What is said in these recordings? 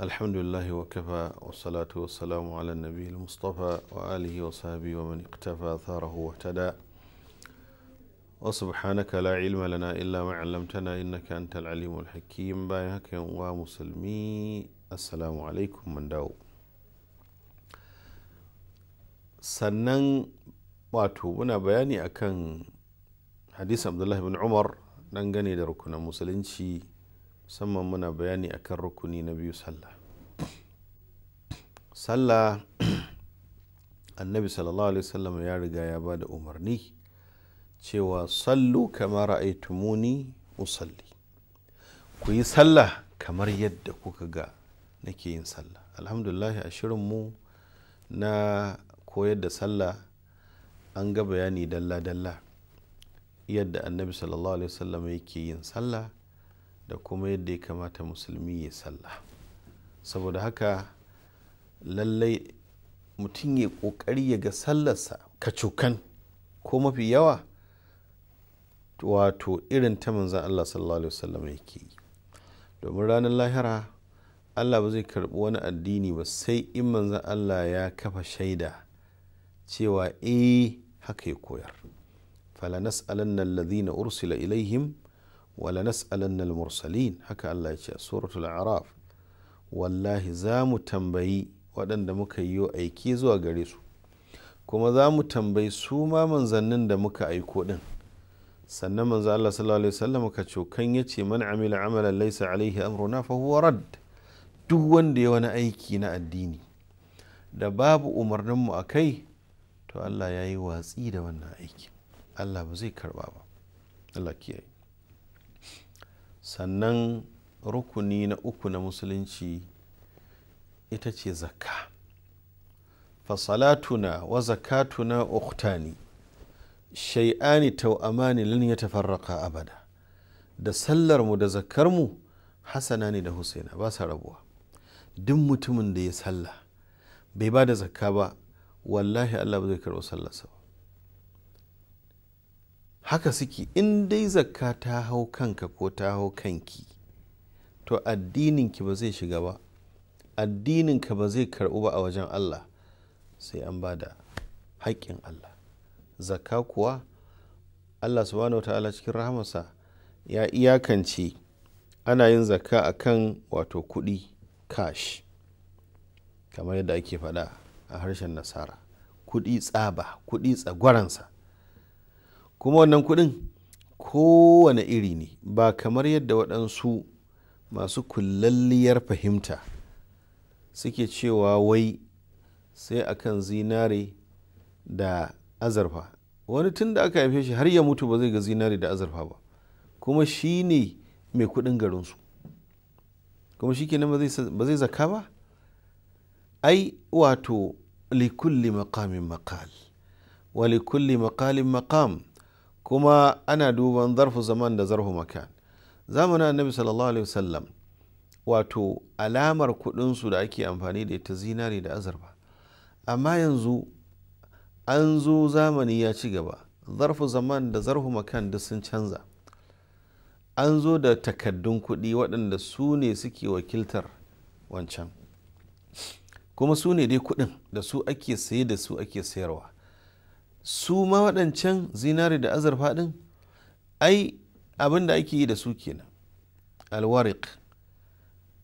alhamdulillahi wa kafa wa salatu wa salamu ala nabi mustafa wa alihi wa sahabi wa man iktafa tharahu wa tada wa subhanaka la lana illa ma 'allamtana innaka antal alimul hakim bayan haka yan uwa musulmi assalamu alaikum mun sannan wato muna bayani akan hadisi abdullahi bin umar dangane da rukunan musulunci musamman muna bayani akan rukuni na biyu sallah sallah annabi sallallahu alaihi wasallam ya riga ya ba da umarni cewa sallu kamar ra'aytumuni usalli ku yi sallah kamar yadda kuka ga nake yin sallah alhamdulillah a mu na koyar da sallah an ga bayani dalla-dalla yadda annabi sallallahu alaihi wasallam yake yin sallah da kuma yadda ya kamata musulmi ya sallah saboda haka lallai mutum ya ƙoƙari ya ga sallarsa kacukan ko mafi yawa wato irin ta manzan Allah sallallahu alaihi wasallam yake yi domin ranar lahira Allah ba zai karɓi wani addini ba sai in manzan Allah ya kafa shaida cewa eh haka ya koyar fala alannan ursula ursila ilaihim wala nas'alanna al-mursalin haka Allah ya ce a suratul araf wallahi za mu tambayi waɗanda muka yi aiki zuwa gare su kuma za mu tambayi su ma manzannin da muka aiko ɗin sannan manzo Allah sallallahu alaihi wasallam ka cokan ya ce man amila amalan laysa alaihi amruna fa huwa duk wanda ya wani aiki na addini da babu umarnin mu akai to Allah ya yi watsi da wannan aiki Allah ba zai karba ba Allah kiyaye sannan rukuni na uku na musulunci ita ce zakka fasalatuna wa zakatuna uktani shai'ani tau'amani lin ya tafarraka abada da sallarmu da mu hasana ne da husaina ba sa rabuwa duk mutumin da ya sallah bai ba da zakka ba wallahi allah ba zai karɓi sallarsa ba haka suke in dai zakka ta hau kanka ko ta hau kanki to addininki ba zai shiga ba addininka ba zai karɓu ba a wajen allah sai an ba da haƙƙin allah zakka kuwa allah subhanahu wa ta'ala cikin rahamarsa ya iyakance ana yin zakka a kan wato kuɗi cash kamar yadda ake faɗa a harshen nasara kuɗi tsaba kuɗi tsagwaransa kuma wannan kuɗin kowane iri ne ba kamar yadda waɗansu masu kullalliyar fahimta suke cewa wai sai akan zinare da azurfa wani tun da aka haife shi har ya mutu ba zai ga zinare da azurfa ba kuma shi ne mai kuɗin garinsu kuma shi kenan ba zai zaka ba ai wato likulli makamin makal wa likulli makalin makam kuma ana duban zarfu zaman da zarfu makan zamanin annabi sallallahu alaihi wasallam wato alamar kudinsu da ake amfani da ita zinari da azurfa amma yanzu an zo zamani ya ci gaba zarfu zaman da zarfu makan duk sun canza an zo da takaddun kuɗi waɗanda su ne suke wakiltar wancan kuma su ne dai kuɗin da su ake saye da su ake sayarwa su ma waɗancan zinari da azurfa ɗin ai abin da ake yi da su kenan alwarik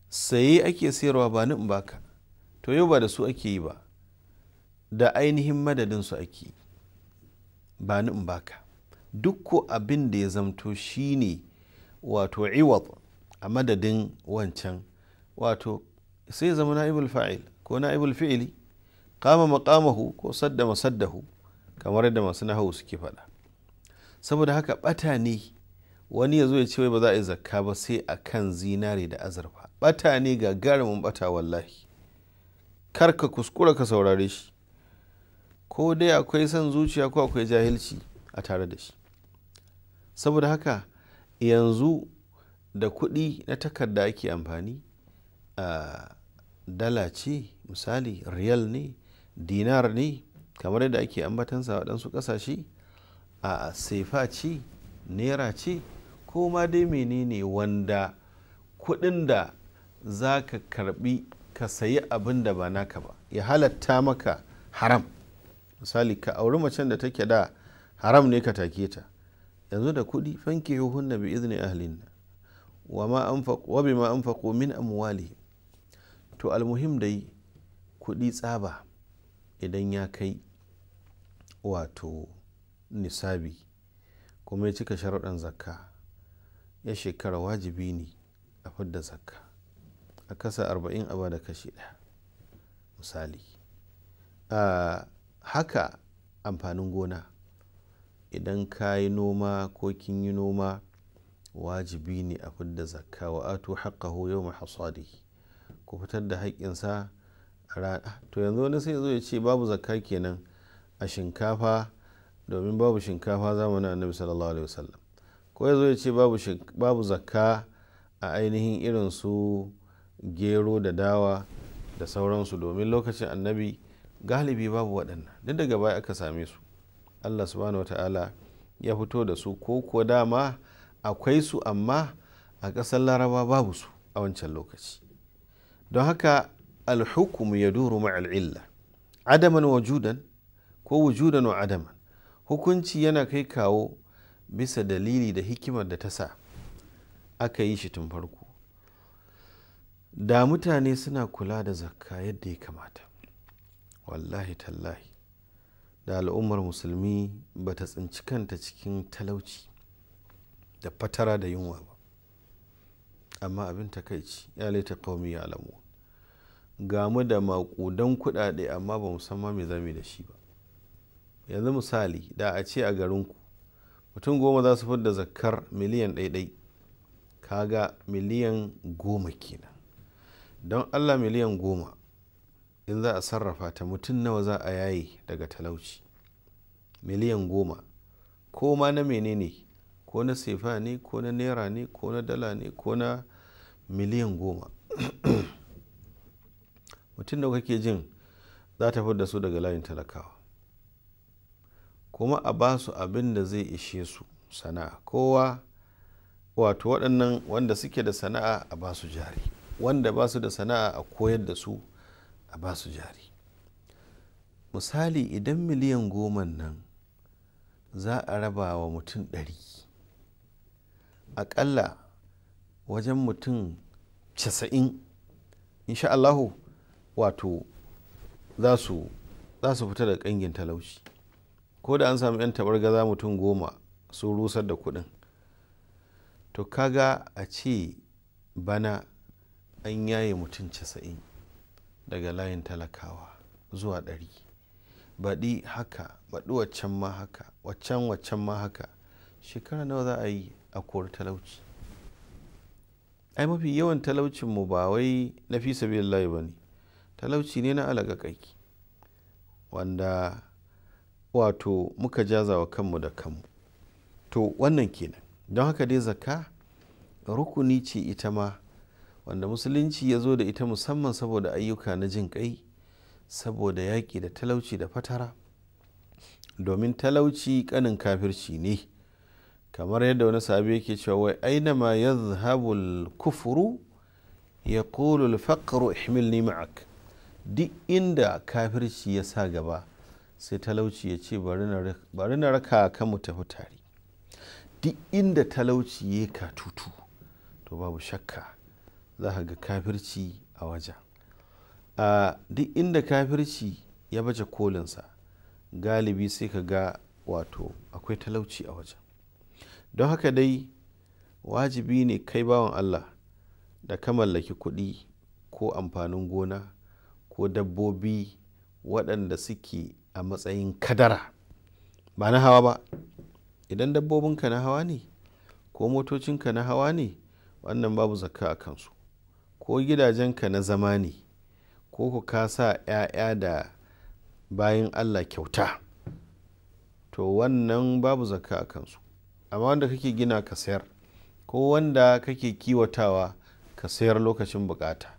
saye ake sayarwa ba in baka to yau ba da su ake yi ba da ainihin madadin su ake yi ba in baka duk ko abin da ya zamto shi ne wato iwad a madadin wancan wato sai zama na'ibul fa'il ko na'ibul fi'ili kama maƙamahu ko sadda masaddahu kamar yadda masu nahawu suke faɗa saboda haka ɓata ne wani ya zo ya ce ba za a yi zakka ba sai a kan zinare da azurfa ɓata ne ga gagarumin ɓata wallahi kar ka kuskura ka saurare shi ko dai akwai son zuciya ko akwai jahilci a tare da shi saboda haka yanzu da kuɗi na takarda ake amfani a ah, dala ce misali riyal ne dinar ne kamar yadda ake ambatansa sa waɗansu ƙasashe a sefa ce nera ce ko ma dai menene wanda kuɗin da za ka karbi ka sayi abin da ba naka ba ya halatta maka haram misali ka auri macen da take da haram ne ka take ta yanzu da kuɗi fanki hunna bi izni da wa ma anfaqu min amuwali to almuhim dai kuɗi tsaba idan ya kai wato nisabi kuma ya cika sharuɗan zakka ya shekara wajibi ne a fidda zakka a kasa arba'in a bada kashi ɗaya misali haka amfanin gona idan ka yi noma ko kin yi noma wajibi ne a fidda zakka wa atu haqqahu yawma hasadi ku fitar da haƙƙinsa a rana to yanzu wani sai zo ya ce babu zakka kenan a shinkafa domin babu shinkafa zamanin annabi sallallahu alaihi wasallam ko ya ya ce babu zakka a ainihin irin su gero da dawa da sauransu domin lokacin annabi galibi babu waɗannan duk daga baya aka same su allah subhanahu wata'ala ya fito da su ko kuwa dama akwai su amma a ƙasar laraba babu su a wancan lokaci don haka alhukumu ya duru ma'al'illa adaman wajudan ko wujudan wa adaman hukunci yana kai kawo bisa dalili da hikimar da ta sa aka yi shi tun farko da mutane suna kula da zakka yadda ya kamata wallahi tallahi da al'ummar musulmi ba ta tsinci kanta cikin talauci da fatara da yunwa ba amma abin takaici ya laita kaumi ya alamu ga da maƙudan kuɗaɗe amma ba mu san ma me da shi ba yanzu misali da a ce a garinku mutum goma za su da zakar miliyan ɗaiɗai kaga miliyan goma kenan don allah miliyan goma in za a sarrafa ta mutum nawa za a yaye daga talauci miliyan goma ko ma na menene ko na sefa ne ko na naira ne ko na dala ne ko na miliyan goma mutum da kake jin za ta da su daga layin talakawa kuma a ba su abin da zai ishe su sana'a kowa wato waɗannan wanda suke da sana'a a ba su jari wanda ba su da sana'a a koyar da su a ba su jari misali idan miliyan goman nan za a raba wa mutum ɗari aƙalla wajen mutum casa'in insha Allahu wato za su fita da ƙangin talauci ko da an samu 'yan tabargaza mutum goma sun rusar da kuɗin to kaga a ce bana an yaye mutum casa'in daga layin talakawa zuwa ɗari baɗi haka baɗi waccan ma haka waccan waccan ma haka shekara nawa za a yi a kori talauci ai mafi yawan talaucin mu ba wai na fi sabi ba ne talauci ne na alaƙaƙaƙi wanda wato muka jazawa kanmu da kanmu to wannan kenan don haka dai zakka rukuni ce ita ma wanda musulunci ya zo da ita musamman saboda ayyuka na jin kai saboda yaƙi da talauci da fatara domin talauci kanin kafirci ne kamar yadda wani sabi yake cewa wai aina ma ya zahabul kufuru ya kulul faƙaru ma'ak duk inda kafirci ya sa gaba sai talauci ya ce bari na raka kan mu tafi tare duk inda talauci ya ka tutu to babu shakka za ka ga kafirci a wajen duk inda kafirci ya baje kolinsa galibi sai ka ga wato akwai talauci a wajen don haka dai wajibi ne kai bawan allah da ka mallaki kuɗi ko amfanin gona ko dabbobi waɗanda suke a matsayin kadara ba na hawa ba idan dabbobinka na hawa ne ko motocinka na hawa ne wannan babu zakka a kansu ko gidajenka na zama ne ko ku ka sa 'ya'ya da bayan allah kyauta to wannan babu zakka a kansu amma wanda kake gina ka sayar ko wanda kake kiwatawa ka sayar lokacin bukata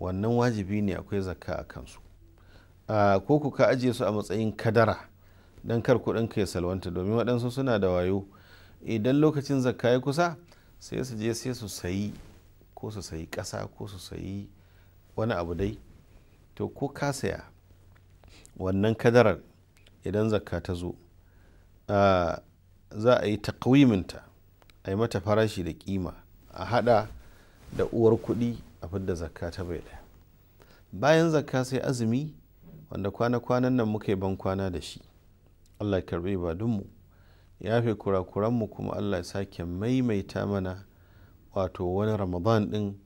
wannan wajibi ne akwai zakka a kansu ko ku ka ajiye su a matsayin kadara don kar ka ya salwanta domin waɗansu suna da wayo idan lokacin zakka ya kusa sai su je sai su sayi ko su sayi ƙasa ko su sayi wani abu dai to ko ka saya wannan kadarar idan zakka ta zo za a yi takwiminta a yi mata farashi da ƙima a haɗa da uwar kuɗi a da zakka ta bai bayan zakka sai azumi wanda kwana-kwanan nan muka yi ban kwana da shi allah karbe mu ya fi kurakuranmu kuma allah ya sake maimaita mana wato wani ramadan din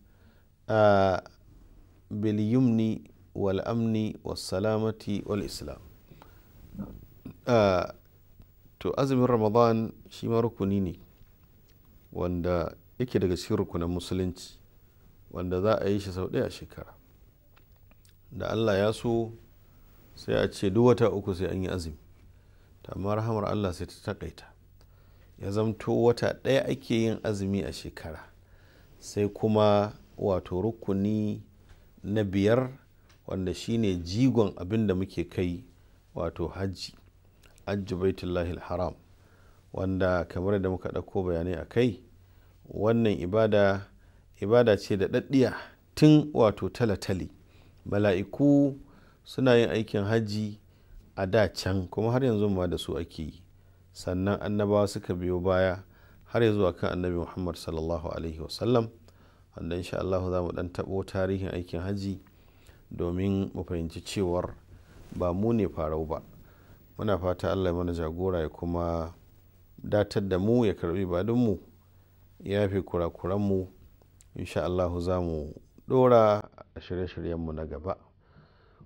a biliyumni wal amni wal'islam salamati wal islam to azumin ramadan shi ma rukuni ne wanda yake daga cikin rukunan musulunci wanda za a yi shi sau ɗaya a shekara da allah ya so sai a ce duk wata uku sai an yi azumi amma rahamar Allah sai ta takaita ya zamto wata ɗaya ake yin azumi a shekara sai kuma wato rukuni na biyar wanda shine jigon abin da muke kai wato hajji hajji baitullahil haram wanda kamar da muka ɗauko bayanai a kai wannan ibada ibada ce da ɗaɗɗiya tun wato talatali mala'iku suna yin aikin hajji a da can kuma har yanzu ma da su ake yi sannan annabawa suka biyo baya har zuwa kan annabi muhammad sallallahu alaihi wasallam wanda insha Allah za mu dan tabo tarihin aikin hajji domin mu fahimci cewar ba mu ne farau ba muna fata Allah mana jagora ya kuma datar da mu ya karbi badinmu ya fi kurakuranmu insha Allah za mu dora a shirye-shiryenmu na gaba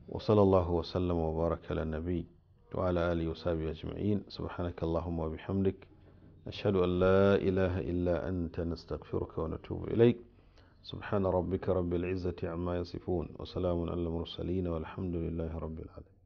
وصلى الله وسلم وبارك على النبي وعلى آله وصحبه أجمعين سبحانك اللهم وبحمدك أشهد أن لا إله إلا أنت نستغفرك ونتوب إليك سبحان ربك رب العزة عما يصفون وسلام على المرسلين والحمد لله رب العالمين